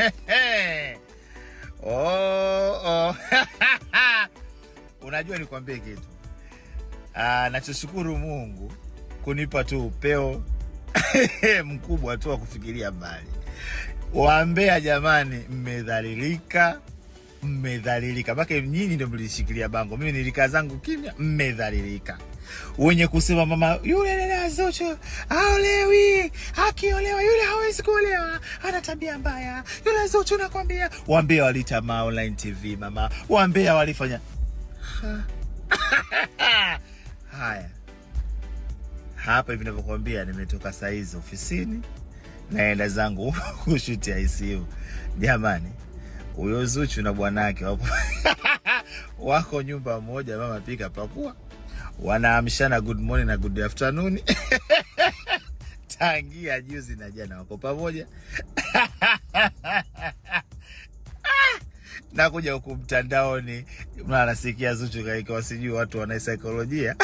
oh, oh. Unajua, nikwambie kitu, ah, nachoshukuru Mungu kunipa tu upeo mkubwa tu wa kufikiria mbali. Waambea jamani, mmedhalilika, mmedhalilika mpaka nyinyi ndio mlishikilia bango, mimi nilikaa zangu kimya. Mmedhalilika wenye kusema mama yule dada Zuchu aolewi akiolewa yule hawezi kuolewa, ana tabia mbaya yule Zuchu, nakwambia. Waambie walitamaa online TV mama, waambie walifanya Haya, hapa hivi ninavyokuambia, nimetoka saa hizi ofisini naenda zangu kushuti ICU. Jamani, huyo Zuchu na bwanake wako wako nyumba moja, mama pika pakua, wanaamshana good morning na good afternoon tangia juzi na jana wako pamoja nakuja huku mtandaoni, mara nasikia Zuchu kaikawa sijui watu wana saikolojia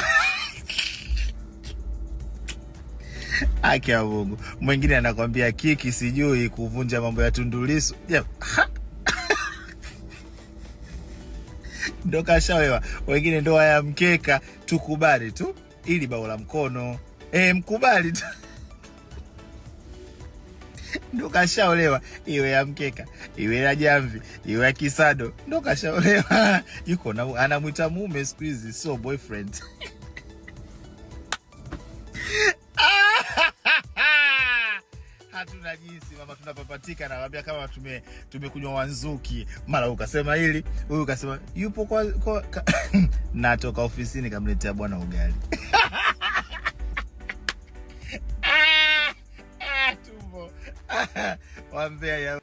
ya Mungu. Mwingine anakwambia kiki sijui kuvunja mambo ya Tundulisu ndo kashawewa. Wengine ndo ya mkeka, tukubali tu ili bao la mkono e, mkubali tu ndo kashaolewa, iwe ya mkeka, iwe ya jamvi, iwe ya kisado, ndo kashaolewa. Yuko na anamwita mume siku hizi, sio boyfriend. Hatuna jinsi mama, tunapapatika. Nakwambia kama tume tumekunywa wanzuki, mara ukasema hili, huyu ukasema yupo kwa, kwa, ka, natoka ofisini kamletea bwana ugali Wambea ya